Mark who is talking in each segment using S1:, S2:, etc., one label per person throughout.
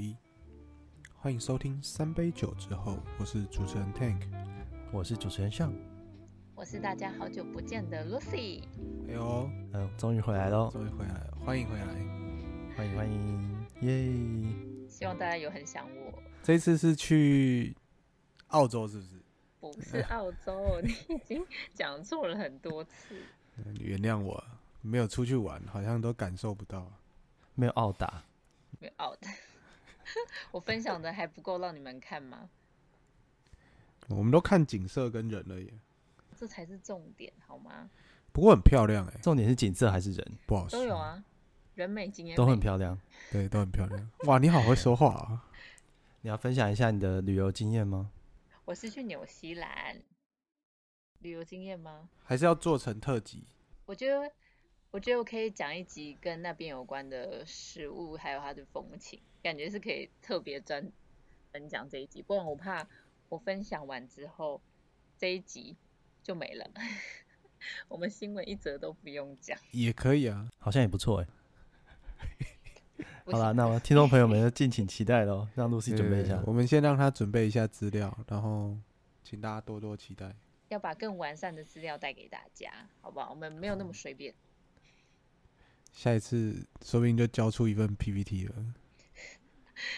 S1: 一，歡迎收聽《三杯酒之後》，我是主持人 Tank，我是主持人向，
S2: 我是大家好久不見的 Lucy。
S1: 哎呦，
S3: 呃、終於回來了，終
S1: 於回來了，歡迎回來，
S3: 歡迎歡迎，耶！
S2: 希望大家有很想我。
S1: 這次是去澳洲，是不是？
S2: 不是澳洲，啊，你已經講錯了很多
S1: 次。 你原諒我，沒有出去玩，好像都感受不到。沒有澳大，
S2: 沒有澳大。 我分享的還不夠讓你們看嗎、
S1: 嗯？我們都看景色跟人而已，
S2: 這才是重點，好嗎？
S1: 不過很漂亮哎、欸，重點是景色還是人？不好說，都
S2: 有啊，人美經驗，都很
S1: 漂亮，對，都很漂亮。
S3: 哇，你好會說話啊！你要分享一下你的旅遊經驗嗎？
S2: 我是去紐西蘭旅遊經驗嗎？
S1: 還是要做成特輯？
S2: 我覺得，我覺得我可以講一集跟那邊有關的食物，還有它的風情。感覺是可以特別專分享這一集，不然我怕我分享完之後這一集就沒了， 我們新聞一則都不用講。
S3: 也可以啊，好像也不錯哎、欸。 好啦，那我聽眾朋友
S1: 們就敬請期待嘍。 讓露西準備一下，對對對，我們先讓她準備一下資料，然後請大家多多期待。
S2: 要把更完善的資料帶給大家，好不好？我們沒有那麼隨便、嗯。
S1: 下一次，說不定就交出一份 PPT 了。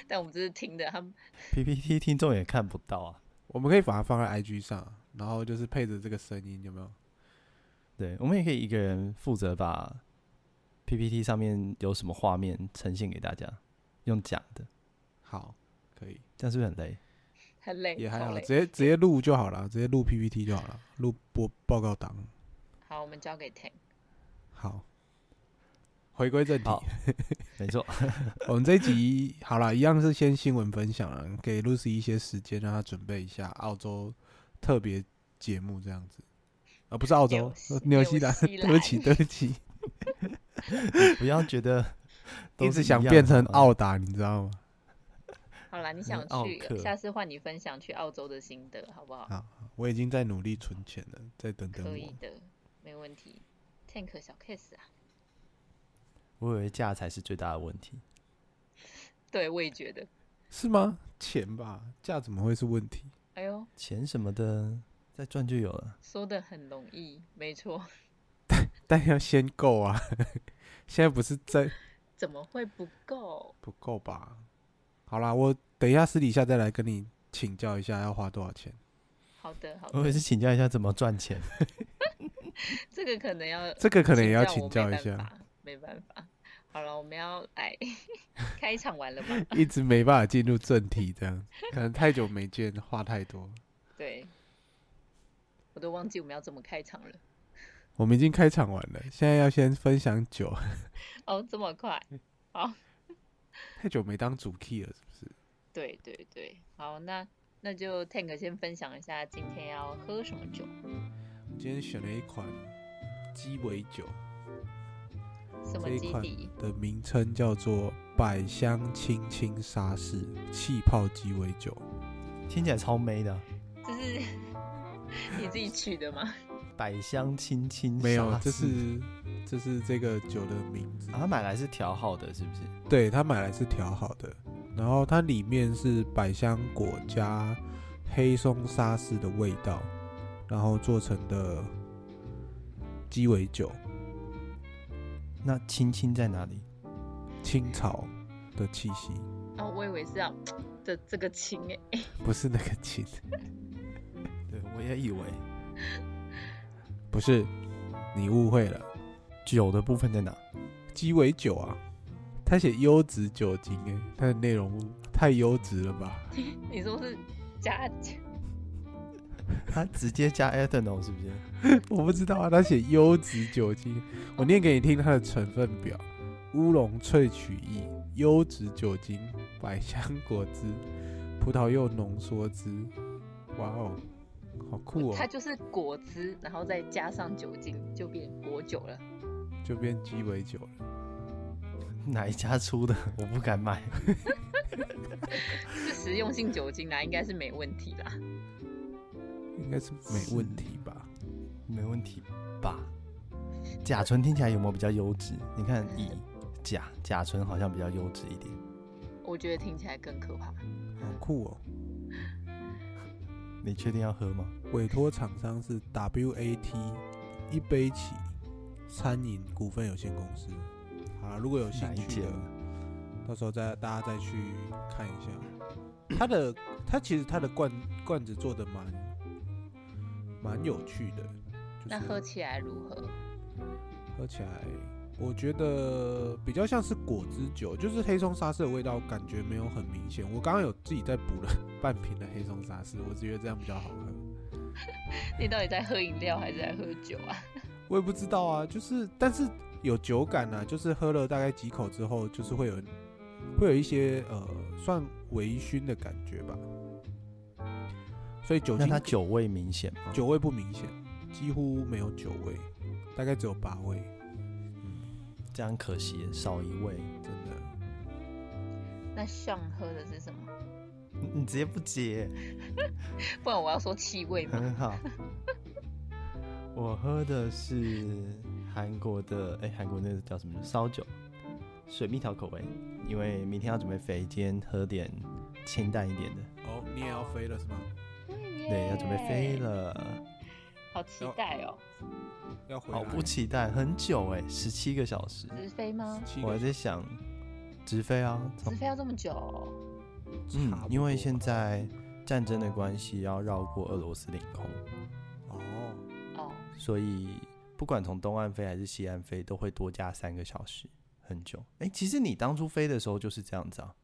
S2: 但我們只是聽的，他們
S1: PPT 聽眾也看不到啊。 我們可以把它放在 IG 上，然後就是配着這個聲音，有沒有？
S3: 對，我們也可以一個人負責把 PPT 上面有什麼畫面呈現給大家，用
S1: 講的。好，可以，這樣不是很累？
S2: 很累，也還好，直接
S1: 直接錄就好了，直接錄、嗯、PPT 就好了，錄播報告檔。
S2: 好，我們交給 Tank。
S1: 好。回歸正題， 沒錯錯笑，我們這一集好了，一樣是先新聞分享了，給 Lucy 一些時間，讓她準備一下澳洲特別節目這樣子。啊，不是澳洲，紐西蘭，西蘭、西蘭、西蘭、西蘭 對不起，對不起。不要覺得都是一,一直想變成澳打、哦，你知道嗎？好
S2: 啦，你想去，下次換你分享去澳洲的心得，好不好？
S1: 好，我已經在努力存錢了，再等等我。可以
S2: 的，沒問題 Tank 小 case 啊。
S1: 我以為價才是最大的問題，
S2: 對，我也覺得
S3: 是嗎？錢吧，價怎麼會是問題？哎呦，錢什麼的，再賺就有了。
S2: 說得很容易，沒錯，但
S3: 但要
S1: 先夠啊！ 現在不是在？
S2: 怎麼會不夠？
S1: 不夠吧？好啦，我等一下私底下再來跟你請教一下，要花多少錢？
S2: 好的，好的，我也是
S1: 請教一下怎麼賺錢。
S2: 這個可能要，這個可能也要請教一下，沒辦法。好了，我們要來開場完了吧？
S1: 一直沒辦法進入正題，這樣可能太久沒見，話太多。
S2: 對，我都忘記我們要怎麼開場了。
S1: 我們已經開場完了，現在要先分享酒。
S2: 哦、 oh,，這麼快？好、oh.，
S1: 太久沒當主 key 了，是不是？
S2: 對對對，好，那那就 Tank 先分享一下今天要喝什麼酒。我
S1: 們今天選了一款雞尾酒。這一款的名稱叫做百香青青沙士氣泡雞尾酒，聽起來超美的。
S2: 這是你自
S1: 己取的嗎？百香青青沙士，沒有，這是
S3: 這是這個酒的名字。啊，他買來是調好的，是不是？
S1: 對，他買來是調好的，然後它裡面是百香果加黑松沙士的味道，然後做成的雞尾酒。那青青在哪裡？青草的氣息。
S2: 哦，我以為是要的這，這個青誒，
S1: 不是那個青。
S3: 對，我也以為。
S1: 不是，你誤會了。酒的部分在哪？雞尾酒啊？它寫優質酒精誒，它的內容物太優質了吧？
S2: 你說是假酒？
S1: 他、啊、直接加 ethanol 是不是？ 我不知道啊。他寫優質酒精，我念給你聽。它的成分表：烏龍萃取液、優質酒精、百香果汁、葡萄柚濃縮汁。哇哦，好酷哦、喔！它
S2: 就是果汁，然後再加上酒精，就變果酒了，
S3: 就變雞尾酒了。哪一家出的？我不敢買。
S2: 是食用性酒精啦、啊，應該是沒問題啦。
S1: 應該是沒問
S3: 題吧，沒問題吧。甲醇聽起來有沒有比較優質？你看乙、甲、甲醇好像比較優質一點。
S2: 我覺得聽起來更可怕。
S1: 很酷哦、喔！ 你確定要喝嗎？委托廠商是 W A T 一杯起餐飲股份有限公司。啊，如果有興趣的，到時候再大家再去看一下。他的他其實他的罐罐子做得蠻。蠻有趣的，就是，那喝
S2: 起來如何？
S1: 喝起來，我覺得比較像是果汁酒，就是黑松沙士的味道，感覺沒有很明顯。我剛剛有自己在補了半瓶的黑松沙士，我是覺得這樣比較好喝。
S2: 你到底在喝飲料還是在喝酒啊？
S1: 我也不知道啊，就是但是有酒感啊，就是喝了大概幾口之後，就是會有會有一些呃，算微醺的感覺吧。所以酒但它酒味明顯嗎？酒味不明顯，幾乎沒有酒味，大概只有八味。
S3: 嗯、這樣可惜，少一味，真的。
S2: 那像喝的是什麼？
S3: 你直接不接，
S2: 不然我要說七味。很好，
S3: 我喝的是韓國的，哎、欸，韓國那個叫什麼燒酒，水蜜桃口味。因為明天要準備飛，今天喝點清淡一點的。
S1: 哦、oh，你也要飛了是嗎？Oh. 對，要準備
S3: 飛了，欸、
S2: 好期待哦！要回，好不
S3: 期待，很久哎、欸，十七個小時
S2: 直飛嗎？我還
S3: 在想直飛啊，直
S2: 飛要這麼久、哦？嗯，
S3: 因為現在戰爭的關係，要繞過俄羅斯領空。哦哦，所以不管從東岸飛還是西岸飛，都會多加三個小時，很久。哎、欸，其實你當初飛的時候就是這樣子啊，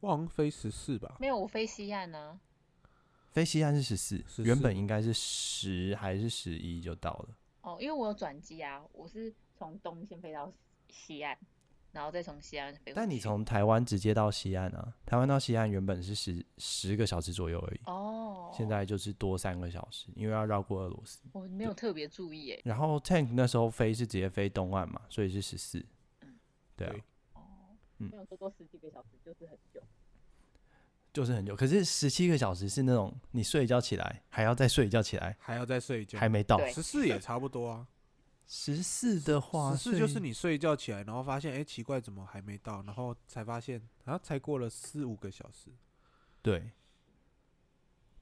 S3: 我飛十四吧？
S2: 沒有，我飛西岸啊。
S3: 飛西岸是十四，原本應該是十還是十一就到了。
S2: 哦、oh,，因為我有轉機啊，我是從東先飛到西岸，然後再從西岸飛。但你從
S3: 台灣直接到西岸啊？台灣到西岸原本是十十個小時左右而已。哦、
S2: oh.。現
S3: 在就是多三個小時，因為要繞過俄羅斯、
S2: oh.。我沒有特別注意。
S3: 然後 Tank 那時候飛是直接飛東岸嘛，所以是十四、mm.。對啊。哦。沒有說多，多十幾
S2: 個小時就是很久。
S3: 就是很久，可是十七個小時是那種你睡一覺起來，還要再睡一覺起來，還要再睡一覺，還沒到。十
S1: 四也差不多啊。
S3: 十四的話，十四就是
S1: 你睡一覺起來，然後發現哎、欸、奇怪怎麼還沒到，然後才發現啊才過了四五個小時。
S3: 對，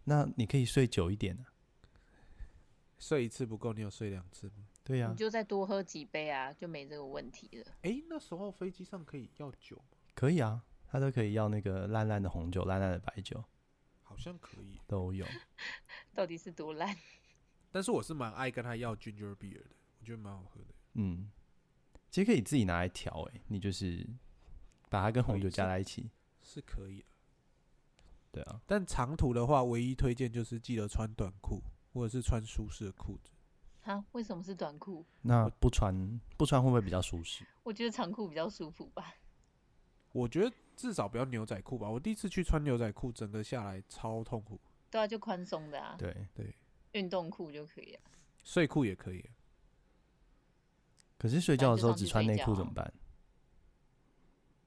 S3: 那你可以睡久一點啊，
S1: 睡一次不夠，你有睡兩次嗎？對呀、啊，你
S2: 就再多喝幾杯啊，就沒這個問題了。哎、欸，那時候飛機上可以要酒嗎？
S3: 可以啊。他都可以要那個爛爛的紅酒，爛爛的白酒，
S1: 好像可以都有。到底是多爛？但是我是蠻愛跟他要 Ginger Beer 的，我覺得蠻好喝的。嗯，
S3: 其實可以自己拿來調。哎、欸，你就是把它跟紅酒加在一起，
S1: 是可以的、啊。對啊，但長途的話，唯一推薦就是記得穿短褲或者是穿舒適的褲子。
S2: 啊，為什麼是短褲？
S3: 那不穿不
S1: 穿會不會比較舒適？
S2: 我覺得長褲比較舒服吧。
S1: 我覺得。至少不要牛仔褲吧，我第一次去穿牛仔褲，整個下來超痛苦。
S2: 對啊，就寬鬆的啊。對對，運動褲就可以啊，
S1: 睡褲也可以啊。可是睡覺的時候只穿內褲怎麼辦？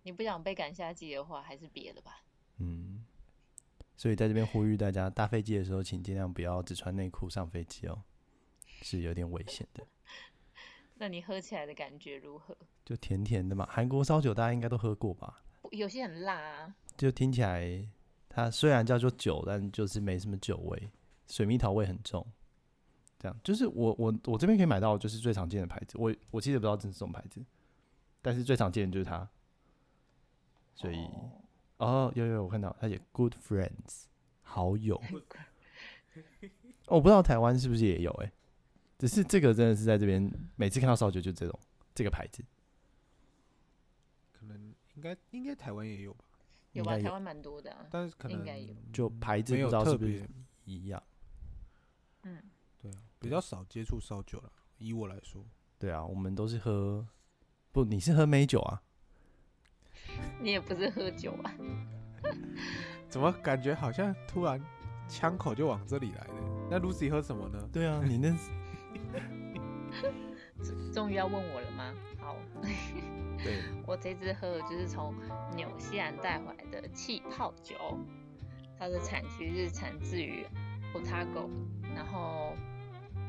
S2: 你不想被趕下機的話，還是別的吧。嗯，
S3: 所以在這邊呼籲大家，搭飛機的時候請儘量不要只穿內褲上飛機哦，是有點危險的。
S2: 那你喝起來的感覺如何？
S3: 就甜甜的嘛，韓國燒酒大家應該都喝過吧。
S2: 有些
S3: 很辣、啊，就聽起來它雖然叫做酒，但就是沒什麼酒味，水蜜桃味很重。這樣就是我我我這邊可以買到，就是最常見的牌子。我我記得不知道真是這是什麼牌子，但是最常見的就是它。所以哦，哦，有有我看到它寫 Good Friends 好友、 哦，我不知道台灣是不是也有哎、欸，只是這個真的是在這邊每次看到燒酒就這種這個牌子。
S1: 應該應該台灣也有吧，有吧，台
S2: 灣蠻多的，啊，但是可能
S1: 就牌子，不知道是不
S3: 是一樣。嗯，
S1: 對啊，比較少接觸燒酒了。以我來說，
S3: 對啊，我們都是喝，不，你是喝美酒啊，
S2: 你也不是喝酒啊，
S1: 怎麼感覺好像突然槍口就往這裡來了，欸，那 Lucy 喝什麼呢？對啊，你那是
S2: 終，終於要問我了嗎？好。 我這次喝的就是從紐西蘭帶回來的氣泡酒，它的產區是產自於 Otago，然後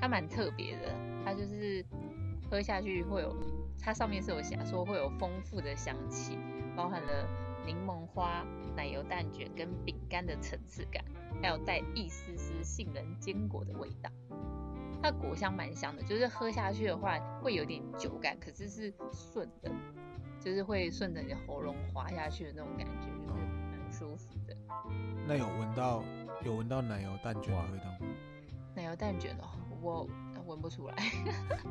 S2: 它蠻特別的，它就是喝下去會有，它上面是有寫說會有豐富的香氣，包含了檸檬花、奶油蛋卷跟餅乾的層次感，還有帶一絲絲杏仁堅果的味道，它的果香蠻香的，就是喝下去的話會有點酒感，可是是順的。就是會順着你的喉嚨滑下去的那種感覺，就是蠻舒服的。
S1: 那有聞到有聞到奶油蛋卷的味道嗎？嗯？
S2: 奶油蛋卷哦，我聞不出來，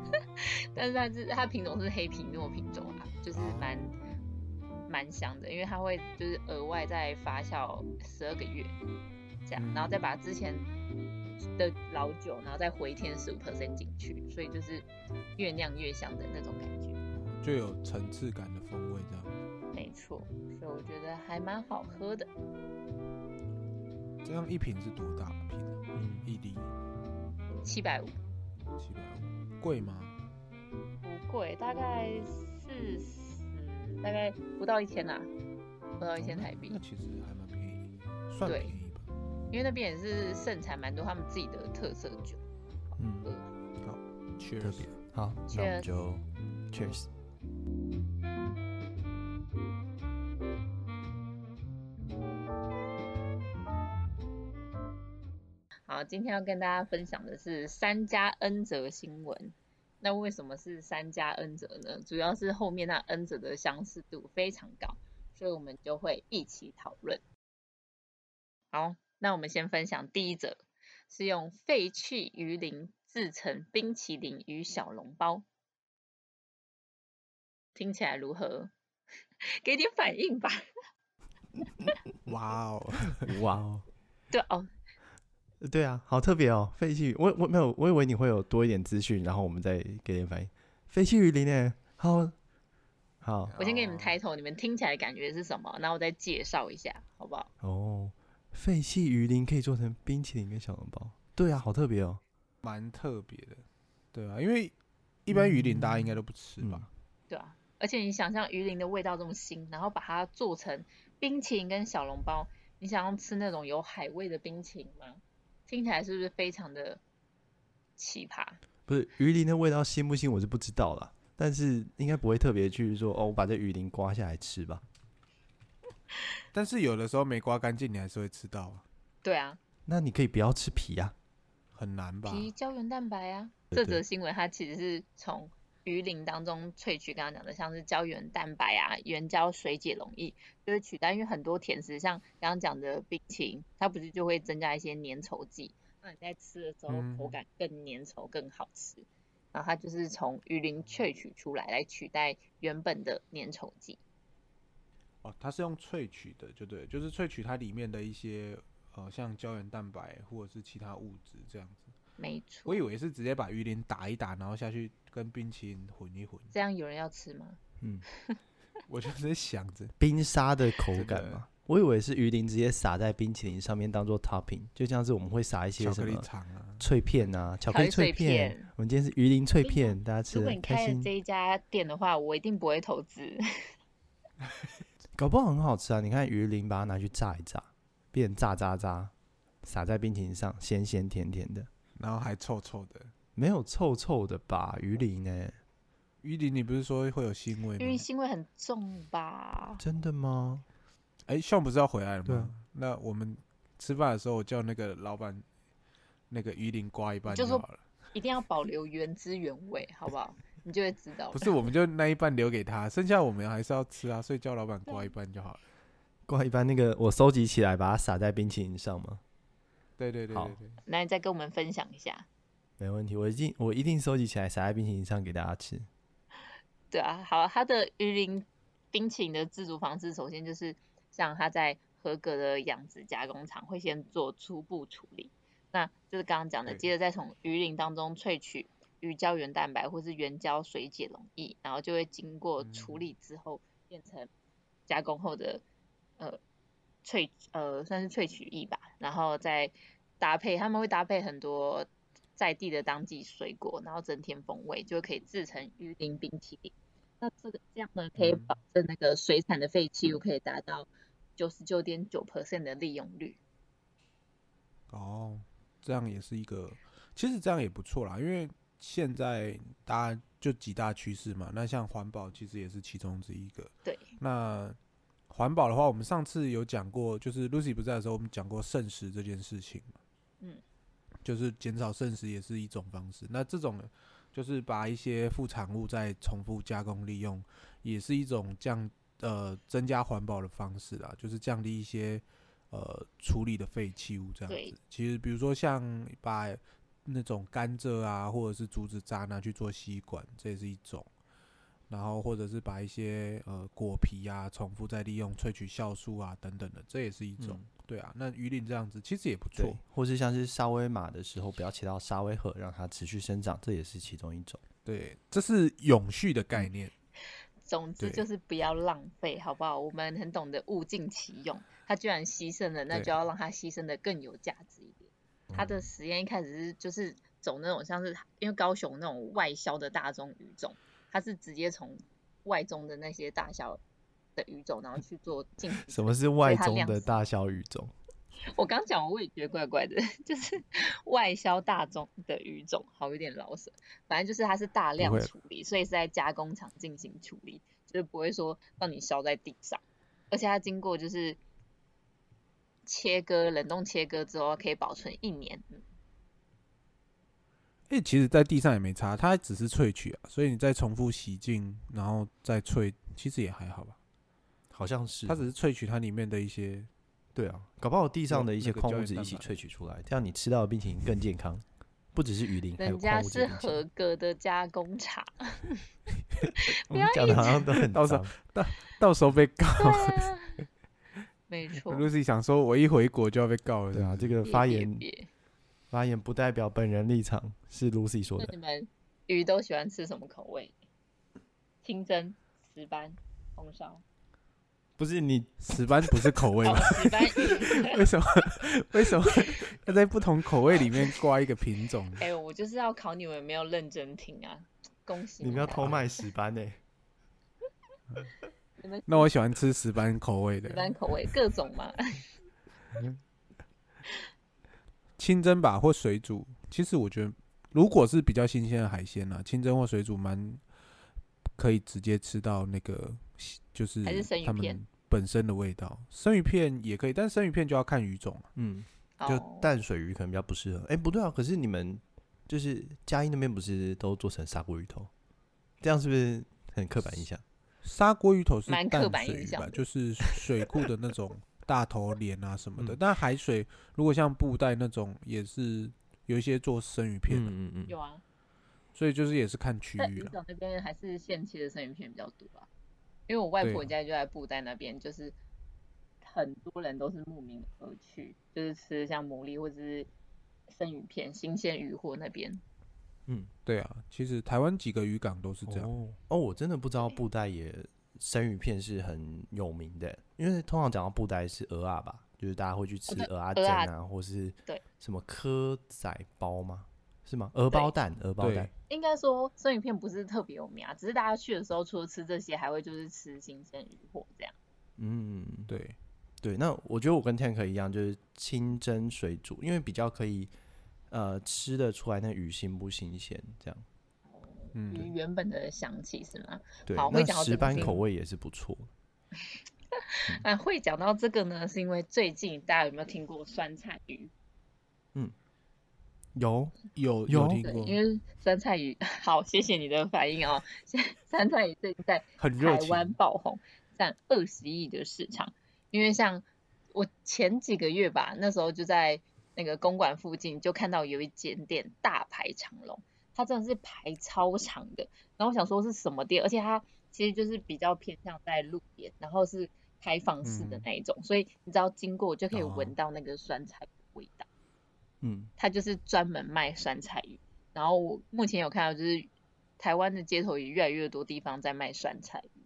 S2: 但是它是它品種是黑皮諾品種啊，就是蠻蠻香的，因為它會就是額外再發酵十二個月，這樣，嗯，然後再把之前的老酒，然後再回添十五 percent 進去，所以就是越釀越香的那種感覺。
S1: 就有層次感的風味，這樣
S2: 沒錯，所以我覺得還蠻好喝的。
S1: 這樣一瓶是多大瓶、啊？嗯，一滴。七百五。七百五，貴嗎？不
S2: 貴，大概四十、嗯，大概不到一千啦。不到一千台幣、嗯。那
S1: 其實還蠻便宜，算便宜吧。
S2: 因為那邊也是盛產蠻多他們自己的特色酒。嗯，好
S1: ，Cheers！好、Cheers，那我們就
S2: Cheers。好，今天要跟大家分享的是三加 N 則新聞。那為什麼是三加 N 則呢？主要是後面那 N 則的相似度非常高，所以我們就會一起討論。好，那我們先分享第一則，是用廢棄魚鱗製成冰淇淋與小籠包。聽起來如何？ 給點反應吧！
S1: 哇哦，
S3: 哇哦！對哦，對啊，好特別哦！廢棄魚，我我沒有，我以為你會有多一點資訊，然後我們再給點反應。廢棄魚鱗呢？好好，好，我先
S2: 給你們 title，你們聽起來感覺是什麼？然後我再介紹一下，好
S3: 不好？哦，廢棄魚鱗可以做成冰淇淋跟小籠包，對啊，好特
S1: 別哦，蠻特別的，對啊，因為一般魚鱗大家應該都不吃吧？嗯嗯、
S2: 對啊。而且你想象魚鱗的味道這麼腥，然後把它做成冰淇淋跟小籠包，你想要吃那種有海味的冰淇淋嗎？聽起來是不是非常的奇葩？
S3: 不是魚鱗的味道腥不腥，我是不知道啦，但是應該不會特別去說哦，我把這魚鱗刮下來吃吧。
S1: 但是有的時候沒刮乾淨，你還是會吃到啊。對啊。那你可以不要吃皮啊，很難吧？皮
S2: 膠原蛋白啊。對對對，這則新聞它其實是從。魚鱗當中萃取，剛剛講的像是膠原蛋白啊，原膠水解溶液，就是取代。因為很多甜食，像剛剛講的冰淇淋，它不是就會增加一些粘稠劑，讓你在吃的時候口感更粘稠、嗯、更好吃。然後它就是從魚鱗萃取出來來取代原本的粘稠劑。
S1: 哦，它是用萃取的，就對，就是萃取它裡面的一些呃，像膠原蛋白或者是其他物質這樣子。
S2: 沒錯。我以
S1: 為是直接把魚鱗打一打，然後下去。跟冰淇淋混一混，這
S2: 樣有人要吃嗎？嗯，
S1: 我就在想着
S3: 冰沙的口感嘛，我以為是魚鱗直接撒在冰淇淋上面當做 topping，就像是我們會撒一些什麼巧克力、啊、脆片啊，巧克力脆片。脆片片我們今天是魚鱗脆片，大家吃如果你開心。這
S2: 一家店的話，我一定不會投資。
S3: 搞不好很好吃啊！你看魚鱗，把它拿去炸一炸，變成炸渣渣，撒在冰淇淋上，鹹鹹甜，甜甜的，
S1: 然後還臭臭的。沒有臭臭的吧？魚鱗呢、欸？魚鱗你不是說會有腥味嗎？因
S2: 為腥味很重吧？
S1: 真的嗎？哎、欸，Sean 不是要回來了嗎？啊、那我們吃飯的時候，我叫那個老闆，那個魚鱗刮一半就好了，
S2: 就說。一定要保留原汁原味， 好不好？你就會知道。 不是，我
S1: 們就那一半留給他，剩下我們還是要吃啊。所以叫老闆刮一半就好了。刮一半那
S3: 個，我收集起來，把它撒在冰淇淋上嗎？
S1: 對對對，對，對，好，
S2: 那你再跟我們分享一下。
S3: 沒問題，我一定我一定收集起來撒在冰淇淋上給大家吃。
S2: 對啊，好，它的魚鱗冰淇淋的製作方式，首先就是像它在合格的養殖加工廠會先做初步處理，那就是剛剛講的，接着再從魚鱗當中萃取魚膠原蛋白或是原膠水解溶液，然後就會經過處理之後變成加工後的、嗯、呃萃呃算是萃取液吧，然後再搭配，他們會搭配很多。在地的當季水果，然後增添風味，就可以制成魚鱗冰淇淋。那這個這樣呢，可以保證那個水產的廢棄物可以達到九十九點九%的利用率。
S1: 哦，這樣也是一個，其實這樣也不錯啦。因為現在大家就幾大趨勢嘛，那像環保其實也是其中之一個。對。那環保的話，我們上次有講過，就是 Lucy 不在的時候，我們講過剩食這件事情。嗯。就是減少剩食也是一種方式。那這種就是把一些副產物再重複加工利用，也是一種降呃增加環保的方式啦。就是降低一些呃處理的廢棄物這樣子。其實比如說像把那種甘蔗啊或者是竹子渣拿去做吸管，這也是一種。然後或者是把一些呃果皮啊重複再利用萃取酵素啊等等的，這也是一種。嗯對啊，那魚鱗這樣子其實也不錯，
S3: 或是像是沙威馬的時候，不要起到沙威河，讓它持續生長，這也是其中一種。對，這是永續的概念。
S2: 嗯、總之就是不要浪費，好不好？我們很懂得物盡其用。它居然犧牲了，那就要讓它犧牲得更有價值一點。他的實驗一開始是就是走那種像是因為高雄那種外銷的大宗魚種，他是直接從外中的那些大小。的魚種，然後去做進，什麼是外中的大
S3: 銷魚種？
S2: 我剛講我也覺得怪怪的，就是外銷大宗的魚種，好有點饒舌。反正就是它是大量處理，所以是在加工廠進行處理，就是不會說讓你燒在地上。而且它經過就是切割、冷凍切割之後，可以保存一年。哎、
S1: 欸，其實在地上也沒差，它只是萃取啊，所以你再重複洗淨，然後再萃，其實也還好吧。好像是，它只是萃取它裡面的一些，對啊，搞不好地上的一些礦物質一起萃取出來，這、嗯、樣、那個，你吃到的冰淇淋更健康， 不只是魚鱗。人家是
S2: 合格的加工廠， 不要一直 到時候到
S1: 到時候被告，啊、
S2: 沒錯。Lucy
S1: 想說，我一回國就要被告了，對吧？這個發言別別別，發言不代表
S3: 本人立場，是 Lucy 說的。你
S2: 們魚都喜歡吃什麼口味？清蒸、石斑、紅燒。
S1: 不是你石斑不是口味嗎？Oh,
S2: 石斑 為什麼
S1: 為什麼要在不同口味裡面掛一個品種？
S2: 哎、 欸，我就是要考你們有沒有認真聽啊！恭喜你們要偷
S1: 賣石斑欸。 那我喜歡吃石斑口味的。石
S2: 斑口味各種嘛。
S1: 清蒸吧，或水煮。其實我覺得，如果是比較新鮮的海鮮啊，清蒸或水煮蠻可以直接吃到那個，就是他們還是生本身的味道，生魚片也可以，但生魚片就要看魚種嗯，就淡水魚可能比較不適合。哎、oh. 欸，不對啊，可是你們
S3: 就是嘉義那邊不是都做成砂鍋魚頭，這樣是不是很
S1: 刻板印象？砂鍋魚頭是淡水魚吧，就是水庫的那種大頭鰱啊什麼的。 但海水如果像布袋那種，也是有一些做生魚片的。嗯嗯，嗯，嗯有啊。所以就是也是看區域啦。林這那
S2: 邊還是現切的生魚片比較多吧。因為我外婆家就在布袋那邊，啊，就是很多人都是慕名而去，就是吃像牡蠣或者是生魚片、新鮮漁獲那邊。
S1: 嗯，對啊，其實台灣幾個漁港都是這樣哦。哦，我真的
S3: 不知道布袋也生魚片是很有名的，因為通常講到布袋是蚵仔吧，就是大家會去吃蚵仔煎啊，或是什麼蚵仔包嗎？是嗎？荷包蛋，荷包蛋。
S2: 應該說，生魚片不是特別有名啊，只是大家去的時候，除了吃這些，還會就是吃新鮮魚貨這樣。
S3: 嗯，對，對。那我覺得我跟 Tank 一樣，就是清蒸、水煮，因為比較可以呃吃得出來那魚新不新鮮這樣。
S2: 嗯、原本的香氣是嗎？對。講到石斑口
S3: 味也是不錯。嗯、
S2: 啊，會講到這個呢，是因為最近大家有沒有聽過酸菜魚？嗯。
S3: 有
S1: 有有聽過，因為
S2: 酸菜魚好，謝謝你的反應哦。現 酸菜魚最近在台灣爆紅，佔二十億的市場。因為像我前幾個月吧，那時候就在那個公館附近，就看到有一間店大排長龍，它真的是排超長的。然後我想說是什麼店，而且它其實就是比較偏向在路邊，然後是開放式的那一種，嗯、所以你只要經過就可以聞到那個酸菜的味道。嗯嗯，他就是專門賣酸菜魚，然後我目前有看到，就是台灣的街頭也越來越多地方在賣酸菜魚，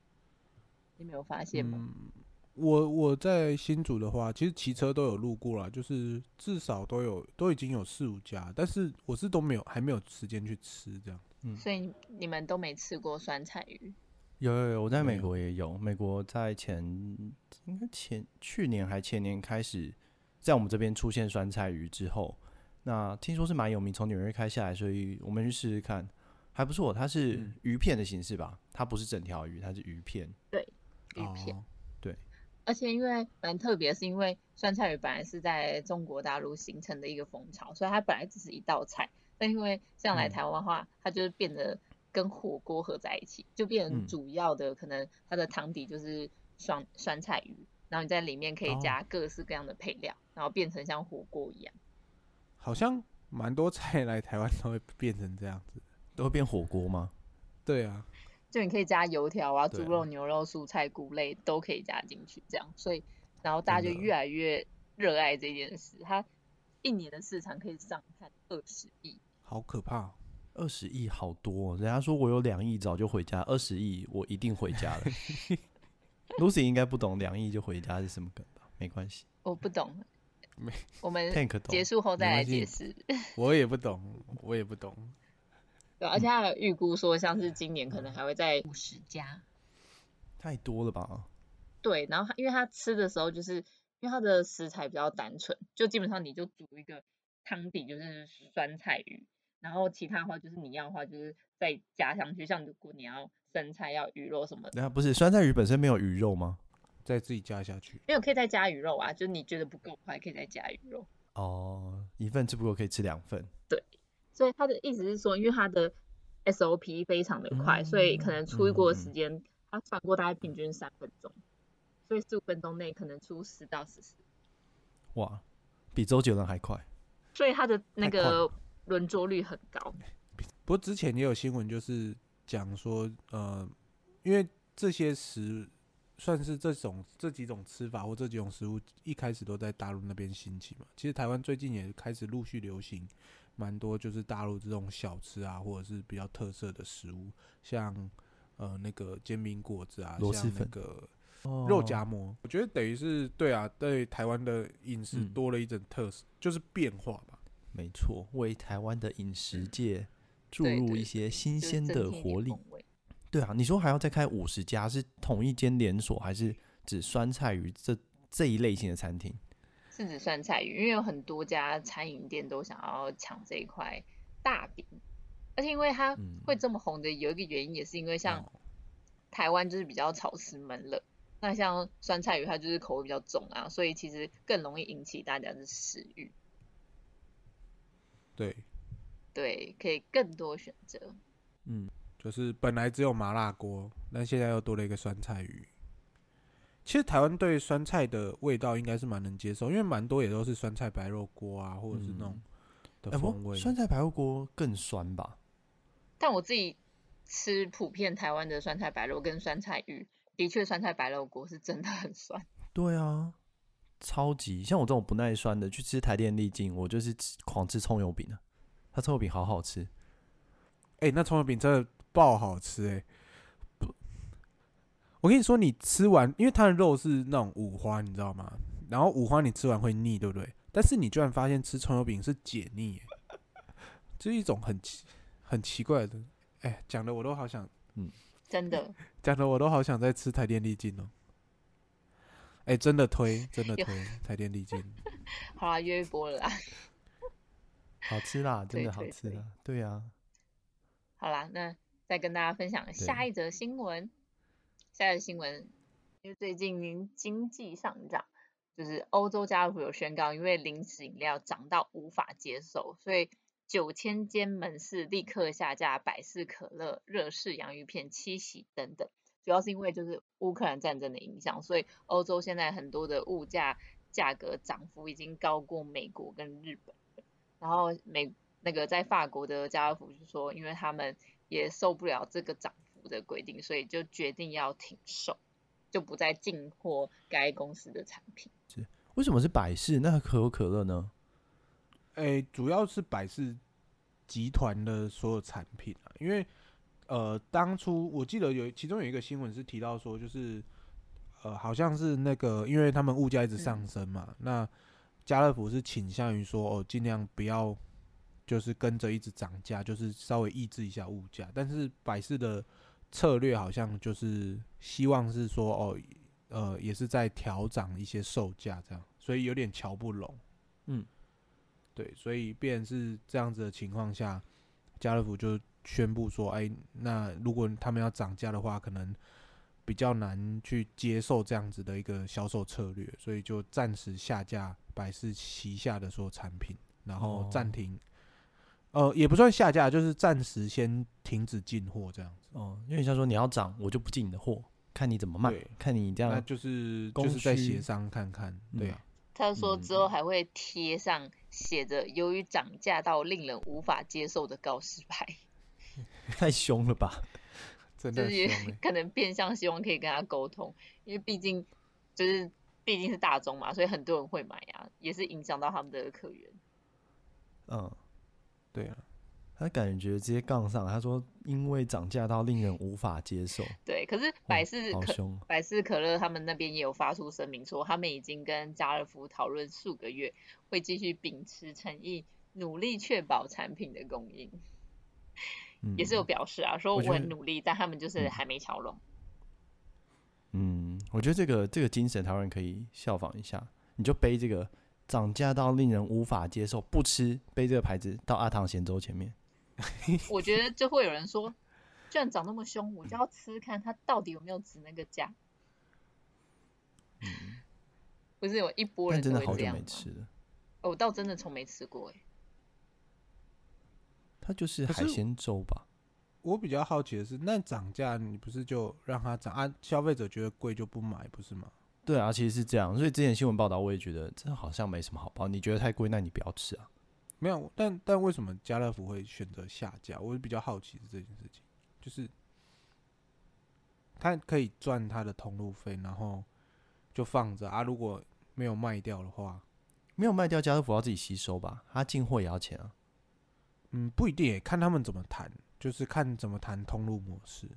S2: 你沒有發現
S1: 嗎？嗯，我我在新竹的話，其實騎車都有路過啦，就是至少都有都已經有四五家，但是我是都沒有還沒有時間去吃這樣。嗯，
S2: 所以你們都沒吃過酸菜魚？
S3: 有有有，我在美國也有，美國在前應該前去年還前年開始，在我們這邊出現酸菜魚之後。那聽說是蠻有名，從紐約開下來，所以我們去試試看，還不錯。它是魚片的形式吧？嗯、它不是整條魚，它是魚片。
S2: 對，魚片。Oh, 對。而且因為蠻特別，是因為酸菜魚本來是在中國大陸形成的一個風潮，所以它本來只是一道菜。但因為像來台灣的話、嗯，它就是變得跟火鍋合在一起，就變成主要的、嗯、可能它的湯底就是酸酸菜魚，然後你在裡面可以加各式各樣的配料，oh. 然後變成像火鍋一樣。
S1: 好像蠻多菜來台灣都會變成這樣子，都會變火鍋嗎？對啊，
S2: 就你可以加油條，啊、豬、啊、肉、牛肉、蔬菜、菇類都可以加進去，這樣，所以然後大家就越來越熱愛這件事、啊。它一年的市場可以上看二十億，
S3: 好可怕、啊，二十億好多、哦。人家說我有兩億早就回家，二十億我一定回家了。 Lucy 應該不懂兩億就回家是什麼梗吧？沒關
S2: 係，我不懂。 我們結束後再來解釋。
S1: 我也不懂，我也不懂。
S2: 對，而且他預估說，像是今年可能還會在五十家、嗯，
S3: 太多了吧？
S2: 對，然後他因為他吃的時候，就是因為他的食材比較單純，就基本上你就煮一個湯底，就是酸菜魚，然後其他的話就是你要的話就是再加上去。像如果你要生菜、要魚肉什麼的，那
S3: 不是酸菜魚本身沒有魚肉嗎？再自己加下去，
S2: 因為可以再加魚肉啊，就你覺得不夠快，可以再加魚肉。
S3: 哦，一份吃不夠可以吃兩份。
S2: 對，所以他的意思是說，因為他的 SOP 非常的快，嗯、所以可能出一鍋的時間，嗯、他轉鍋大概平均三分鐘，嗯，所以四五分鐘內可能出十到四十。
S1: 哇，比周杰倫還快。
S2: 所以他的那個輪桌率很高。
S1: 不過之前也有新聞，就是講說，呃，因為這些食。算是這種這幾種吃法或這幾種食物，一開始都在大陸那邊興起嘛。其實台灣最近也開始陸續流行，蠻多就是大陸這種小吃啊，或者是比較特色的食物，像呃那個煎餅果子啊、螺螄粉，像那個肉夾饃。哦、我覺得等於是對啊，對台灣的飲食多了一種特色、嗯，就是變化吧。沒錯，為台灣的飲食界注入一些新鮮的活力。嗯對對就是
S3: 對啊，你說還要再開五十家，是同一間連鎖，還是指酸菜魚這這一類型的餐廳？
S2: 是指酸菜魚，因為有很多家餐飲店都想要搶這一塊大餅，而且因為它會這麼紅的，嗯、有一個原因也是因為像台灣就是比較潮濕悶熱、嗯，那像酸菜魚它就是口味比較重啊，所以其實更容易引起大家的食慾。
S1: 對，
S2: 對，可以更多選擇。嗯。
S1: 就是本來只有麻辣鍋，但現在又多了一個酸菜魚。其實台灣對酸菜的味道應該是蠻能接受，因為蠻多也都是酸菜白肉鍋啊，或者是那種的不，嗯欸喔，酸菜白肉鍋更酸吧？
S2: 但我自己吃，普遍台灣的酸菜白肉跟酸菜魚，的確酸菜白肉鍋是真的很酸。
S3: 對啊，超級像我這種不耐酸的，去吃台電勵進，我就是狂吃蔥油餅啊，它蔥油
S1: 餅好好吃。哎、欸，那蔥油餅真的。爆好吃哎、欸！我跟你說，你吃完，因為它的肉是那種五花，你知道嗎？然後五花你吃完會膩，對不對？但是你居然發現吃蔥油餅是解膩、欸，就是一種很奇、很奇怪的。哎、欸，講的我都好想……嗯，
S2: 真的，
S1: 講的我都好想再吃台電勵進哦、喔。哎、欸，真的推，真的推台電勵進。
S2: 好啊，約一波了啦。
S1: 好吃啦，真
S2: 的
S3: 好吃啦，對呀、
S2: 啊。好啦，那。再跟大家分享下一則新聞，下一則新聞，因為最近經濟上漲，就是歐洲家樂福有宣告，因為零食飲料漲到無法接受，所以九千間門市立刻下架百事可樂、樂事洋芋片、七喜等等。主要是因為就是烏克蘭戰爭的影響，所以歐洲現在很多的物價價格漲幅已經高過美國跟日本了。然後美那個在法國的家樂福就說，因為他們也受不了這個漲幅的規定，所以就決定要停售，就不再進貨該公司的產品。是，
S3: 為什麼是百事？那可口可樂呢？誒、
S1: 欸，主要是百事集團的所有產品啊，因為呃，當初我記得有其中有一個新聞是提到說，就是呃，好像是那個，因為他們物價一直上升嘛，嗯、那家樂福是傾向於說哦，盡量不要。就是跟着一直漲價，就是稍微抑制一下物價。但是百事的策略好像就是希望是說，哦，呃，也是在調漲一些售價這樣，所以有點喬不攏。嗯，對，所以便是這樣子的情況下，家樂福就宣布說，哎、欸，那如果他們要漲價的話，可能比較難去接受這樣子的一個銷售策略，所以就暫時下架百事旗下的所有產品，然後暫停、哦。呃，也不算下架，就是暫時先停止進貨這樣子。哦、嗯，因為像說你要漲，我就不
S3: 進你的貨，看你怎麼賣，看你這樣就是就是在協商看看、嗯，對啊。
S2: 他說之後還會貼上寫着“由於漲價到令人無法接受的告示牌”，
S3: 嗯、 太兇了吧？真、就、的、是、可
S2: 能變相希望可以跟他溝通，因為畢竟就是畢竟是大眾嘛，所以很多人會買呀、啊，也是影響到他們的客源。嗯。
S3: 對啊，他感覺直接槓上。他說，因為漲價到令人無法接受。
S2: 對，可是百事、哦、可百事可樂他們那邊也有發出聲明說，說他們已經跟家樂福討論數個月，會繼續秉持誠意，努力確保產品的供應、
S3: 嗯。也
S2: 是有表示啊，說我很努力，但他們就是還沒敲攏。
S3: 嗯，我覺得這個這個精神，他們可以效仿一下。你就背這個。漲價到令人無法接受，不吃背這個牌子到阿唐鹹粥前
S2: 面。我覺得就會有人說，居然漲那麼凶，我就要吃、吃，看他到底有沒有值那個價。嗯。不是有一波人真的好久沒吃了，哦，我倒真的從沒吃過哎、欸。
S1: 它就是海鮮粥吧？我比較好奇的是，那漲價你不是就讓它漲？啊，消費者覺得貴就不買，不是嗎？
S3: 對啊，其實是這樣，所以之前新聞報道我也覺得，
S1: 這好像沒什麼好報。
S3: 你覺得太貴，那你不要吃啊。
S1: 沒有，但但為什麼家樂福會選擇下架？我是比較好奇是這件事情，就是他可以賺他的通路費，然後就放着啊。如果沒有賣掉的話，
S3: 沒有賣掉，家樂福要自己吸收吧？他啊，進貨也要錢啊。嗯，
S1: 不一定，看他們怎麼談，就是看怎麼談通路模式。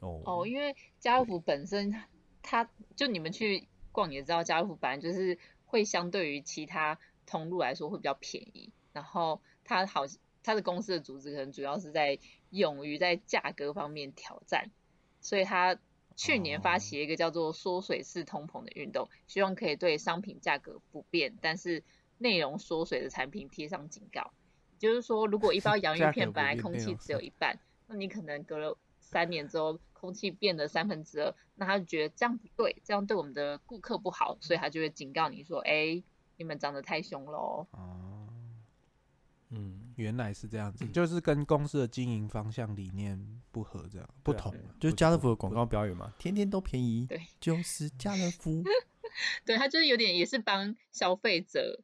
S1: 哦哦，
S2: 因為家樂福本身，他就你們去。逛，也知道，家樂福本來就是會相對於其他通路來說，會比較便宜。然後它好，它的公司的組織可能主要是在勇於在價格方面挑戰，所以它去年發起了一個叫做“縮水式通膨”的運動，oh. 希望可以對商品價格不變，但是內容縮水的產品貼上警告。也就是說，如果一包洋芋片本來空氣只有一半，那你可能隔了三年之後。空氣變得三分之二，那他就覺得這樣不對，這樣對我們的顧客不好，所以他就會警告你說：“哎、欸，你們漲得太凶了哦。啊”
S1: 嗯，原來是這樣子，嗯、就是跟公司的經營方向理念不合，這樣、啊、不
S3: 同了、啊啊。就是家樂福的廣告標語嘛，天天都便宜，對，就是家樂福。
S2: 對他就是有點也是幫消費者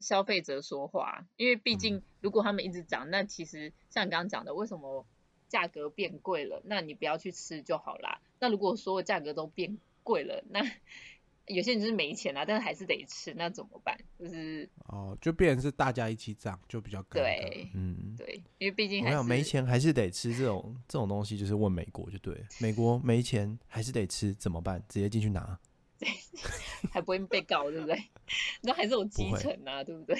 S2: 消費者說話，因為畢竟如果他們一直漲、嗯，那其實像你剛剛講的，為什麼？價格變貴了，那你不要去吃就好啦。那如果所有價格都變貴了，那有些人就是沒錢啦、啊，但是還是得吃，那怎麼辦？就是
S1: 哦，就變成是大家一起漲，就比較格
S2: 格對，嗯對，因為畢竟還有沒
S3: 錢還是得吃這種這種東西，就是問美國就對了，美國沒錢還是得吃，怎麼辦？直接進去拿，
S2: 對， 還不會被告， 對不對？那還是有基層吶，對不對？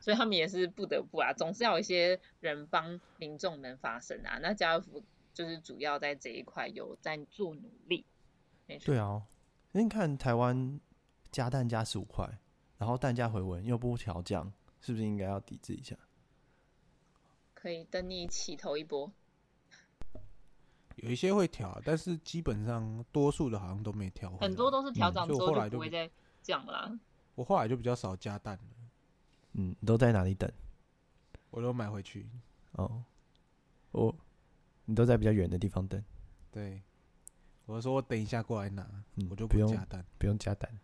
S2: 所以他們也是不得不啊，總是要有一些人幫民眾們發聲啊。那家樂福就是主要在這一塊有在做努力。沒錯。對啊，
S3: 那你看台灣加蛋加十五塊，然後蛋價回穩又不調降，是不是應該要抵制一下？
S2: 可以等你起頭一波。
S1: 有一些會調，但是基本上多數的好像都沒調，很多都是調漲之後就不會再
S2: 降啦、啊嗯。
S1: 我後來就比較少加蛋了。
S3: 嗯，都在哪裡等？
S1: 我都買回去。
S3: 哦，我，你都在比較遠的地方等。
S1: 對，我說我等一下過來拿，嗯，我就不加蛋，不用加蛋，不用加蛋。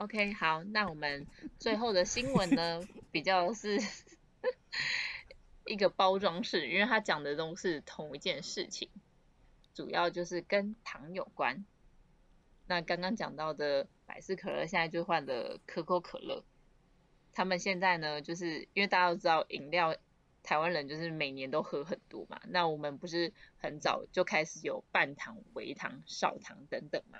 S2: OK，好，那我們最後的新聞呢， 比較是一個包裝式，因為他講的都是同一件事情，主要就是跟糖有關。那剛剛講到的百事可樂，現在就換了可口可樂。他們現在呢，就是因為大家都知道飲料，台灣人就是每年都喝很多嘛。那我們不是很早就開始有半糖、微糖、少糖等等嘛？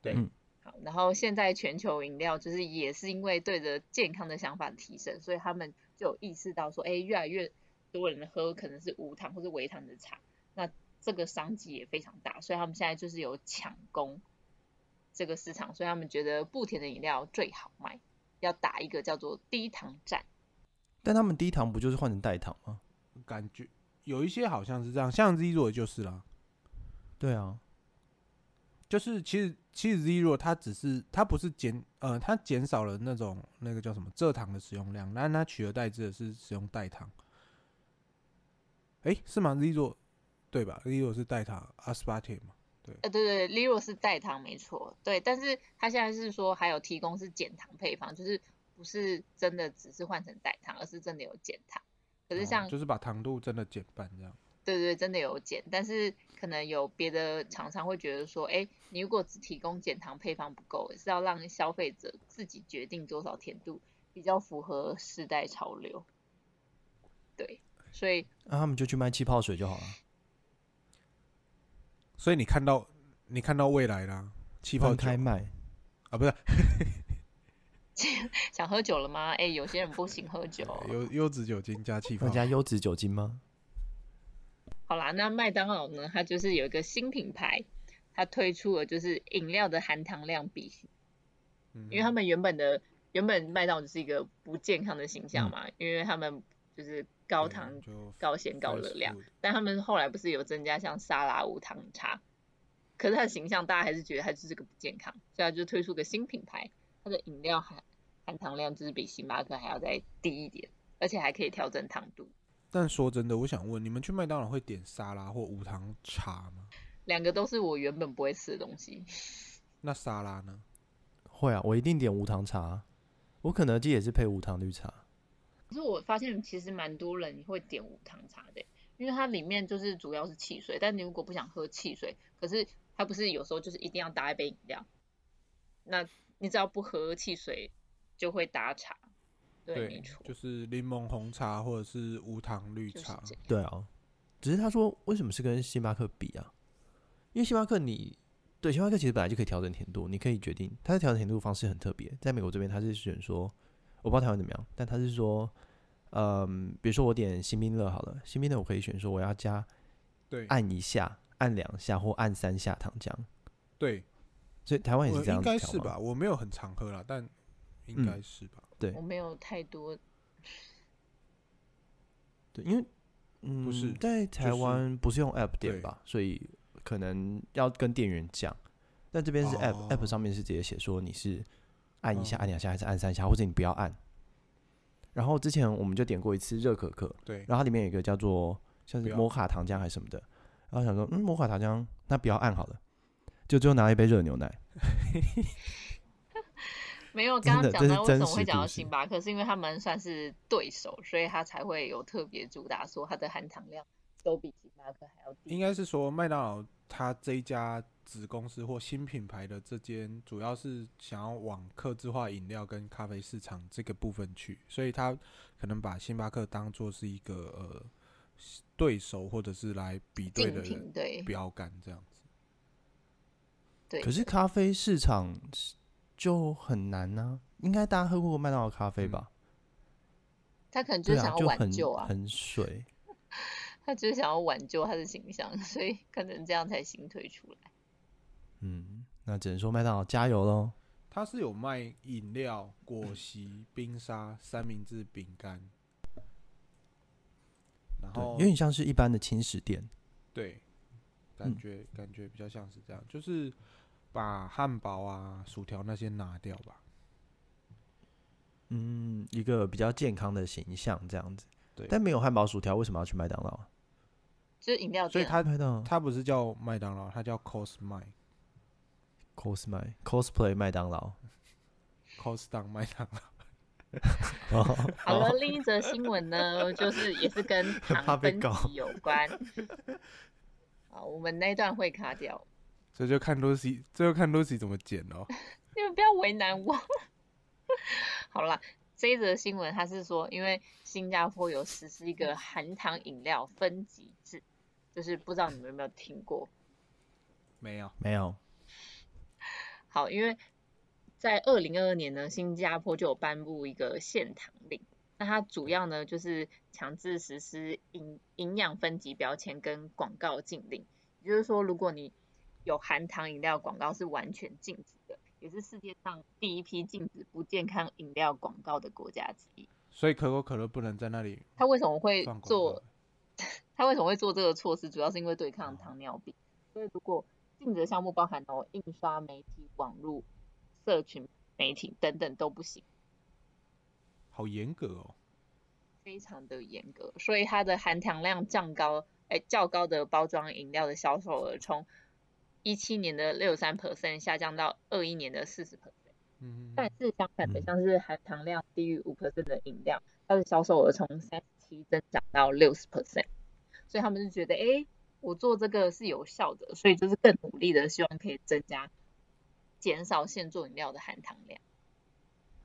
S1: 對，對
S2: 好然後現在全球飲料就是也是因為對着健康的想法的提升，所以他們就有意識到說，哎、欸，越來越多人喝可能是無糖或是微糖的茶，那這個商機也非常大，所以他們現在就是有搶攻這個市場，所以他們覺得不甜的飲料最好賣。要打一個叫做低糖戰，
S1: 但他們低糖不就是換成代糖嗎？感覺有一些好像是這樣，像 Zero 就是啦，對啊，就是其實其實 Zero 它，只是它不是減呃它減少了那種那個叫什麼蔗糖的使用量，那那取而代之的是使用代糖。哎、欸，是嗎 Zero 對吧 Zero 是代糖阿斯巴甜嗎？Aspartame
S2: 呃，對對、對 l i o 是代糖沒錯，對，但是他現在是說還有提供是減糖配方，就是不是真的只是換成代糖，而是真的有減糖。可是像、哦、就是把
S1: 糖度真的減半這樣。
S2: 對對、對，真的有減，但是可能有別的廠商會覺得說，哎、欸，你如果只提供減糖配方不夠，是要讓消費者自己決定多少甜度，比較符合時代潮流。對，所以
S1: 那、啊、他們就去賣氣泡水就好了。所以你看到，你看到未來啦，氣泡開賣，啊，不是、
S2: 啊， 想喝酒了嗎？哎、欸，有些人不行喝酒、喔，
S1: 有優質酒精加氣泡，
S3: 加優質酒精嗎？
S2: 好啦，那麥當勞呢？它就是有一個新品牌，它推出了就是飲料的含糖量比、嗯，因為他們原本的原本麥當勞是一個不健康的形象嘛，嗯、因為他們就是。高糖、高、嗯、鹹、高熱量，但他們後來不是有增加像沙拉、無糖茶？可是他的形象，大家還是覺得他就是個不健康，所以他就推出個新品牌，他的飲料含含糖量就是比星巴克還要再低一點，而且還可以調整糖度。
S1: 但說真的，我想問，你們去麥當勞會點沙拉或無糖茶嗎？
S2: 兩個都是我原本不會吃的東西。
S1: 那沙拉呢？
S3: 會啊，我一定點無糖茶。我肯德基也是配無糖綠茶。
S2: 可是我發現其實蠻多人會點無糖茶的，欸，因為它裡面就是主要是汽水。但你如果不想喝汽水，可是它不是有時候就是一定要搭一杯飲料。那你只要不喝汽水就會搭茶，對，對沒
S1: 錯，就是檸檬紅茶或者是無糖綠茶。
S3: 對啊，只是他說為什麼是跟星巴克比啊？因為星巴克你對星巴克其實本來就可以調整甜度，你可以決定。它的調整甜度方式很特別，在美國這邊它是選說。我不知道台灣怎麼樣，但他是說，嗯、呃，比如說我點星冰樂好了，星冰樂我可以選說我要加，對，按一下、按兩下或按三下糖漿。對，所以台灣也是這樣子，應該是
S1: 吧？我沒有很常喝啦，但應該是吧、嗯？對，
S2: 我沒有太多，
S3: 對，因為嗯不是、就是，在台灣不是用 app 點吧？對，所以可能要跟店員講，但這邊是 app、oh. app 上面是直接寫說你是。按一下，按兩下，還是按三下，或者你不要按。然後之前我們就點過一次熱可可，對。然後它裡面有一個叫做像是摩卡糖漿還是什麼的，然後想說，嗯，摩卡糖漿那不要按好了，就最後拿了一杯熱牛奶。
S2: 沒有，剛剛講到我怎麼會講到星巴克，可是因為他們算是對手，所以他才會有特別主打，說它的含糖量都比星巴克還要。應該
S1: 是說麥當勞他這一家。子公司或新品牌的這間，主要是想要往客製化飲料跟咖啡市場這個部分去，所以他可能把星巴克當做是一個呃對手，或者是來比對的標杆這樣子。
S2: 對。可是，咖
S3: 啡市場就很難呢、啊，應該大家喝過麥當勞咖啡吧、嗯？
S2: 他可能就想要、啊、就很挽救，啊，很
S3: 水。
S2: 他就是想要挽救他的形象，所以可能這樣才新推出來。
S3: 嗯，那只能說麥當勞加油嘍。
S1: 他是有賣飲料、果昔、冰沙、三明治、餅乾，嗯、然後有點像
S3: 是一般的輕食店。
S1: 對，感覺感覺比較像是這樣，嗯、就是把漢堡啊、薯條那些拿掉吧。嗯，
S3: 一個比較健康的形象這樣子。對，但沒有漢堡、薯條，為什麼要去麥當勞啊？
S2: 就是飲料店，
S1: 所以他麥不是叫麥當勞，他叫 Cosmic cos 麥
S3: cosplay 麥當勞
S1: ，cos down 麥當勞。 oh, 好了，另
S2: 一則新聞呢， 就是也是跟糖分級有關。我們那一段會卡掉。
S1: 這就看 Lucy，最後看 Lucy 怎麼剪哦。
S2: 你們不要為難我。 好了，這一則新聞他是說，因為新加坡有實施一個含糖飲料分級制，就是不知道你們有沒有聽過？
S3: 沒有，沒有。
S2: 哦，因為在二零二二年呢，新加坡就有頒布一個限糖令。那它主要呢就是強制實施營營養分級標籤跟廣告禁令。也就是說，如果你有含糖飲料廣告是完全禁止的，也是世界上第一批禁止不健康飲料廣告的國家之一。
S1: 所以可口可樂不能在那裡。他為什麼會做？
S2: 他為什麼會做這個措施？主要是因為對抗糖尿病。哦，所以如果禁止項目包含哦，印刷媒體、網絡、社群媒體等等都不行。
S1: 好嚴格哦。
S2: 非常的嚴格，所以它的含糖量降高，哎、欸，較高的包裝飲料的銷售額從一七年的六三 percent 下降到二一年的四十 percent。嗯。但是相反的，像是含糖量低於五 percent 的飲料，它的銷售額從三十七增長到六十 percent。所以他們就覺得，哎、欸。我做這個是有效的，所以就是更努力的，希望可以增加、減少現做飲料的含糖量。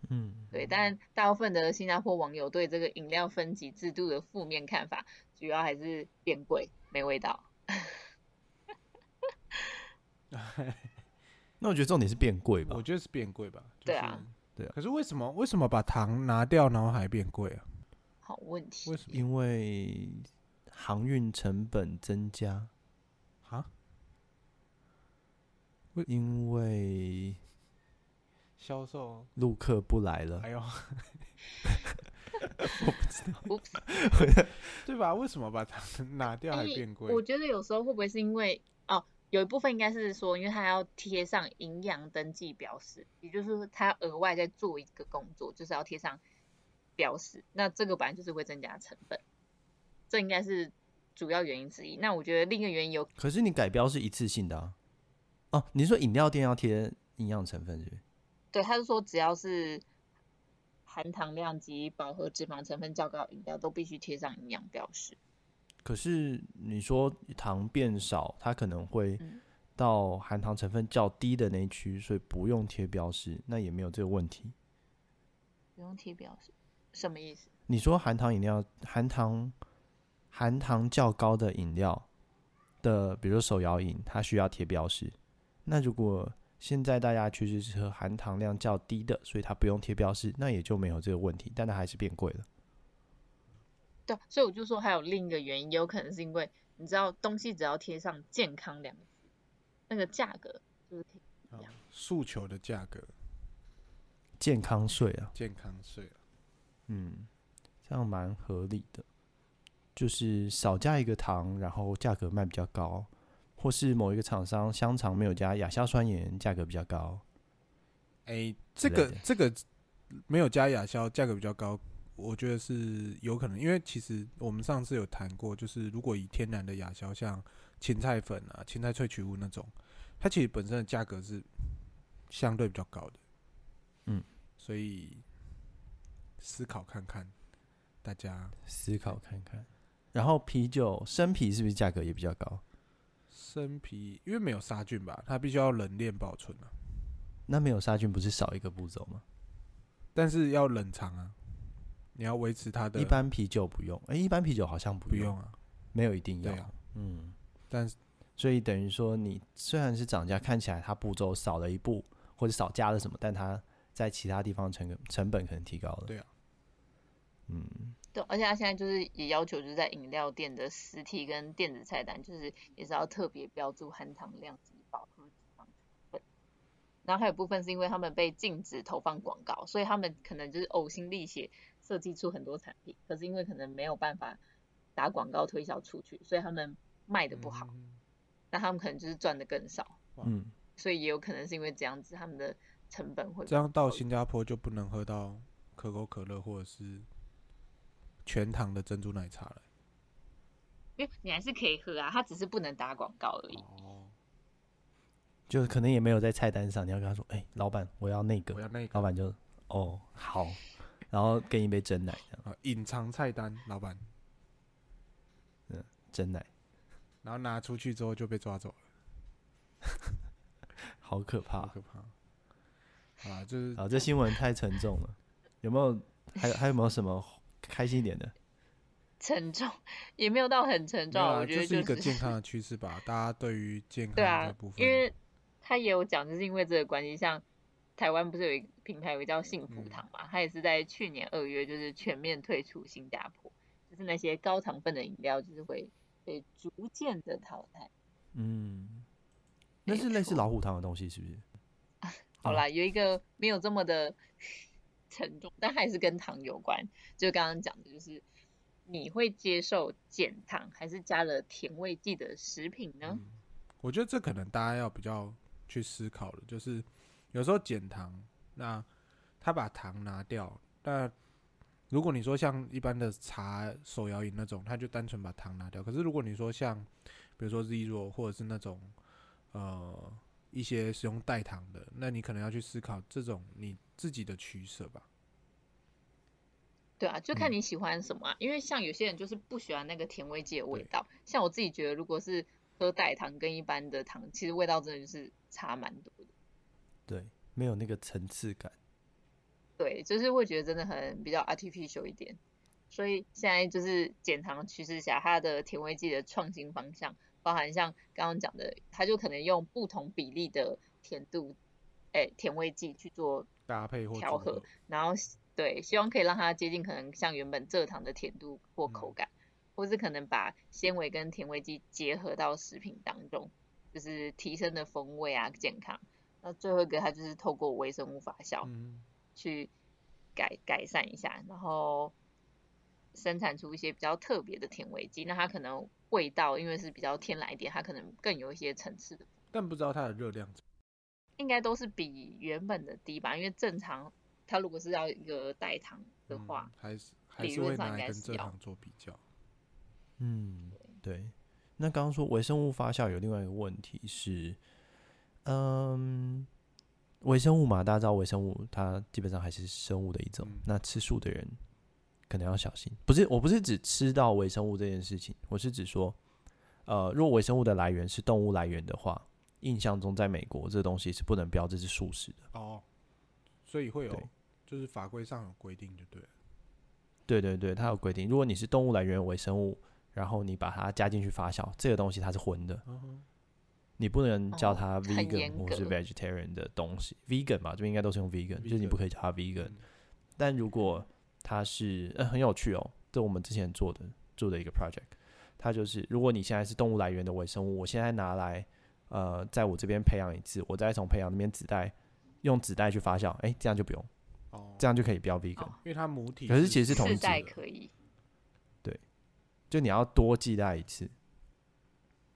S2: 嗯，對。但大部分的新加坡網友對這個飲料分級制度的負面看法，主要還是變貴、沒味道。
S1: 那我覺得重點是變貴吧？我覺得是變貴吧，就是。對啊，對啊。可是為什麼？為什麼把糖拿掉，然後還變貴啊？好問題。為什麼？因為。航運成本增加？啊？
S3: 因為
S1: 銷售陸客不來了。哎呦， 我不知道， 知 對吧？為什麼把它拿掉還變貴？我
S2: 覺得有時候會不會是因為哦，有一部分應該是說，因為它要貼上營養登記標識，也就是它額外再做一個工作，就是要貼上標識。那這個本來就是會增加成本。這應該是主要原因之一。那我覺得另一個原因有，
S3: 可是你改標是一次性的啊。哦、啊，你說飲料店要貼營養成分是不
S2: 是？對，他是說只要是含糖量及飽和脂肪成分較高的飲料，都必須貼上營養標示。
S3: 可是你說糖變少，它可能會到含糖成分較低的那一區，嗯，所以不用貼標示，那也沒有這個問題。
S2: 不用貼標示，什麼意思？
S3: 你說含糖飲料，含糖。含糖較高的飲料的，比如說手搖飲，它需要貼標示。那如果現在大家其實是喝含糖量較低的，所以它不用貼標示，那也就沒有這個問題。但它還是變貴
S2: 了。對，所以我就說還有另一個原因，有可能是因為你知道，東西只要貼上“健康”兩個字，那個價格就
S1: 是提訴求的價格，健康稅啊，健康稅啊，
S3: 嗯，這樣蠻合理的。就是少加一個糖，然後價格賣比較高，或是某一個廠商香腸沒有加亞硝酸鹽，價格比較高。
S1: 哎、欸，這個、Right. 這個沒有加亞硝，價格比較高，我覺得是有可能，因為其實我們上次有談過，就是如果以天然的亞硝，像芹菜粉啊、芹菜萃取物那種，它其實本身的價格是相對比較高的。嗯，所以思考看看，大家
S3: 思考看看。然後啤酒生啤是不是價格也比較高？
S1: 生啤因為沒有殺菌吧，它必須要冷鏈保存啊。
S3: 那沒有殺菌不是少一個步驟嗎？
S1: 但是要冷藏啊，你要維持它的。一般
S3: 啤酒不用，哎、欸，一般啤酒好像不用啊。不用啊，沒有一定要，對啊、嗯。但所以等於說，你雖然是漲價，看起來它步驟少了一步，或者少加了什麼，但它在其他地方成成本可能提高了。對啊。嗯。
S2: 對，而且他現在就是也要求，就是在飲料店的實體跟電子菜單，就是也是要特別標注含糖量、脂肪、脂肪成分。然後還有部分是因為他們被禁止投放廣告，所以他們可能就是嘔心瀝血設計出很多產品，可是因為可能沒有辦法打廣告推銷出去，所以他們賣的不好。那、嗯、他們可能就是賺的更少。嗯。所以也有可能是因為這樣子，他們的成本會這樣，
S1: 到新加坡就不能喝到可口可樂或者是。全糖的珍珠奶茶了。欸，
S2: 你還是可以喝啊，他只是不能打廣告而已。哦，
S3: 就是可能也沒有在菜單上，你要跟他說：“哎、欸，老闆，我要那個，我要那個。”老闆就：“哦，好。 ”然後給你一杯珍奶這
S1: 樣。隱藏菜單，老闆。嗯，
S3: 珍奶。
S1: 然後拿出去之後就被抓走了，
S3: 好可怕，好可怕。
S2: 啊，就是啊，
S3: 這新聞太沉重了。 有沒有？還有還有沒有什麼？開心一點的，
S2: 沉重也沒有到很沉重，我覺得、就是、就是一個健
S1: 康的趨勢吧。 大家對於健康的、啊、部分，因為
S2: 他也有講，就是因為這個關係，像台灣不是有一個品牌，有個叫幸福堂嘛、嗯，他也是在去年二月就是全面退出新加坡，就是那些高糖分的飲料就是會被逐漸的淘汰。嗯，
S3: 那是類似老虎糖的東西，是不是？啊、欸，
S2: 好啦、嗯，有一個沒有這麼的。沉重，但還是跟糖有關。就剛剛講的，就是你會接受減糖還是加了甜味劑的食品呢？嗯，
S1: 我覺得這可能大家要比較去思考的。就是有時候減糖，那他把糖拿掉。那如果你說像一般的茶手搖飲那種，他就單純把糖拿掉。可是如果你說像比如說 Zero，或者是那種，呃。一些使用代糖的，那你可能要去思考這種你自己的取捨吧。
S2: 對啊，就看你喜歡什麼啊，嗯，因為像有些人就是不喜歡那個甜味劑的味道。像我自己覺得，如果是喝代糖跟一般的糖，其實味道真的就是差蠻多的。
S3: 對，沒有那個層次感。
S2: 對，就是會覺得真的很比較 artificial 一點。所以現在就是減糖趨勢下，它的甜味劑的創新方向。包含像剛剛講的，他就可能用不同比例的甜度，誒、欸，甜味劑去做
S1: 搭配或調和，
S2: 然後對，希望可以讓它接近可能像原本蔗糖的甜度或口感，嗯，或是可能把纖維跟甜味劑結合到食品當中，就是提升的風味啊、健康。那最後一個，它就是透過微生物發酵去改，嗯、改善一下，然後生產出一些比較特別的甜味劑，那它可能。味道因為是比較天然一點，它可能更有一些層次的，但
S1: 不知道它的熱量，
S2: 應該都是比原本的低吧？因為正常，它如果是要一個代糖的話，嗯、還是，還是會拿來跟蔗糖
S1: 做比較。理論上應該
S3: 是要。嗯，對。對。那剛剛說微生物發酵有另外一個問題是，嗯，微生物嘛，大家知道微生物它基本上還是生物的一種，嗯、那吃素的人。可能要小心，不是，我不是指吃到微生物這件事情，我是指說，呃，如果微生物的來源是動物來源的話，印象中在美國這個東西是不能標這是素食的。
S1: 哦，所以會有，就是法規上有規定，就對。
S3: 對對對，它有規定，如果你是動物來源微生物，然後你把它加進去發酵，這個東西它是葷的，嗯、你不能叫它 vegan、哦、或是 vegetarian 的東西，vegan 嘛，這邊應該都是用 vegan，, vegan 就是你不可以叫它 vegan，、嗯、但如果它是，呃，很有趣哦，這是我們之前做的做的一個 project，它就是，如果你現在是動物來源的微生物，我現在拿來，呃，在我這邊培養一次，我再從培養那邊子代，用子代去發酵，哎、欸，這樣就不用，
S2: 哦，這樣就可以標 vegan 因為它母體，可是其實是同時代可以，
S3: 對，就你要多繼代一次，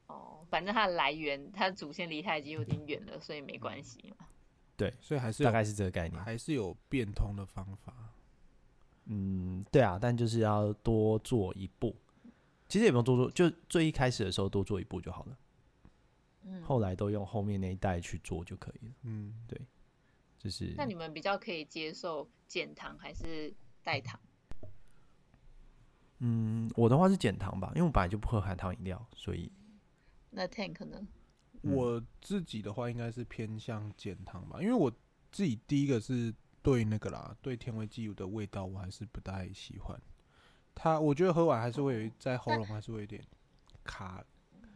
S2: 哦，反正它的來源，它的祖先離它已經有點遠了，所以沒關係嘛，
S3: 對，所以還是大概是這個概
S1: 念，還是有變通的方法。
S3: 嗯，對啊，但就是要多做一步，其實也不用多做，就最一開始的時候多做一步就好了。
S2: 嗯，後
S3: 來都用後面那一代去做就可以了。嗯，對，就是。那
S2: 你們比較可以接受減糖還是代糖？
S3: 嗯，我的話是減糖吧，因為我本來就不喝含糖飲料，所以。
S2: 那 Tank 呢？嗯，我
S1: 自己的話應該是偏向減糖吧，因為我自己第一個是。對那個啦，對甜味劑油的味道我還是不太喜歡。它，我覺得喝完還是會有，在喉嚨還是會有一點卡、哦。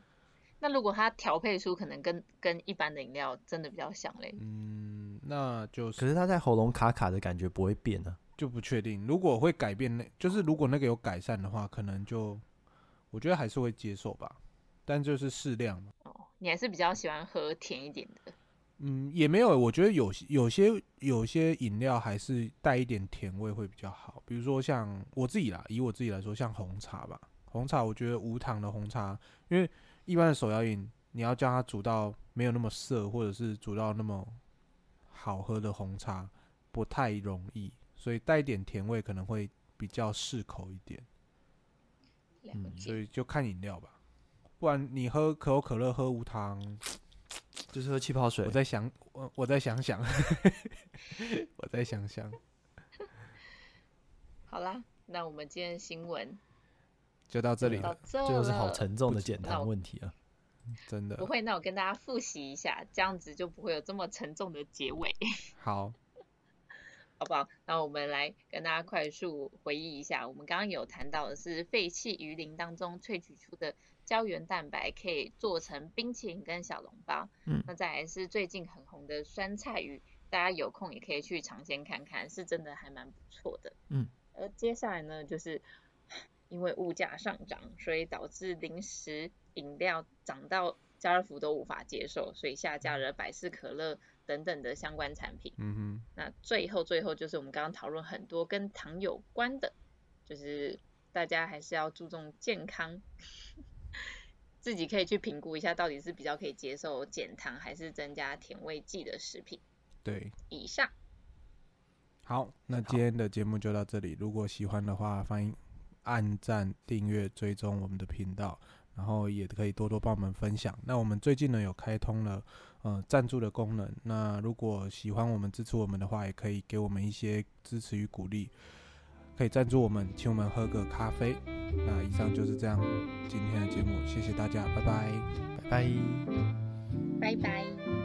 S2: 那如果它調配出可能跟跟一般的飲料真的比較像嘞？嗯，
S1: 那就是。可是它在喉嚨卡卡的感覺不會變呢、啊？就不確定，如果會改變，那就是如果那個有改善的話，可能就我覺得還是會接受吧。但就是適量、哦、
S2: 你還是比較喜歡喝甜一點的。
S1: 嗯，也沒有、欸，我覺得有些有些有些飲料還是帶一點甜味會比較好，比如說像我自己啦，以我自己來說，像紅茶吧，紅茶我覺得無糖的紅茶，因為一般的手搖飲你要將它煮到沒有那麼澀，或者是煮到那麼好喝的紅茶不太容易，所以帶一點甜味可能會比較適口一點。
S2: 嗯，
S1: 所以就看飲料吧，不然你喝可口可樂喝無糖。就是喝氣泡水。我在想，我我在想想， 我在想想。
S2: 好啦，那我們今天的新聞就到這裡了，到這了就，就是好沉重的減糖問
S3: 題了，真的。不會，
S2: 那我跟大家複習一下，這樣子就不會有這麼沉重的結尾。 好。好不好？那我們來跟大家快速回憶一下，我們剛剛有談到的是廢棄魚鱗當中萃取出的膠原蛋白，可以做成冰淇淋跟小籠包。嗯，那再來是最近很紅的酸菜魚，大家有空也可以去嘗鮮看看，是真的還蠻不錯的。嗯，而接下來呢，就是因為物價上漲，所以導致零食飲料漲到家樂福都無法接受，所以下架了百事可樂。等等的相關產品，嗯哼。那最後，最後就是我們剛剛討論很多跟糖有關的，就是大家還是要注重健康， 自己可以去評估一下，到底是比較可以接受減糖，還是增加甜味劑的食品。對。以上。
S1: 好，那今天的節目就到這裡。如果喜歡的話，歡迎按贊、訂閱、追蹤我們的頻道，然後也可以多多幫我們分享。那我們最近呢，有開通了。嗯、呃，贊助的功能。那如果喜歡我們、支持我們的話，也可以給我們一些支持與鼓勵，可以贊助我們，請我們喝個咖啡。那以上就是這樣，今天的節目，謝謝大家，拜拜，拜拜，
S2: 拜拜。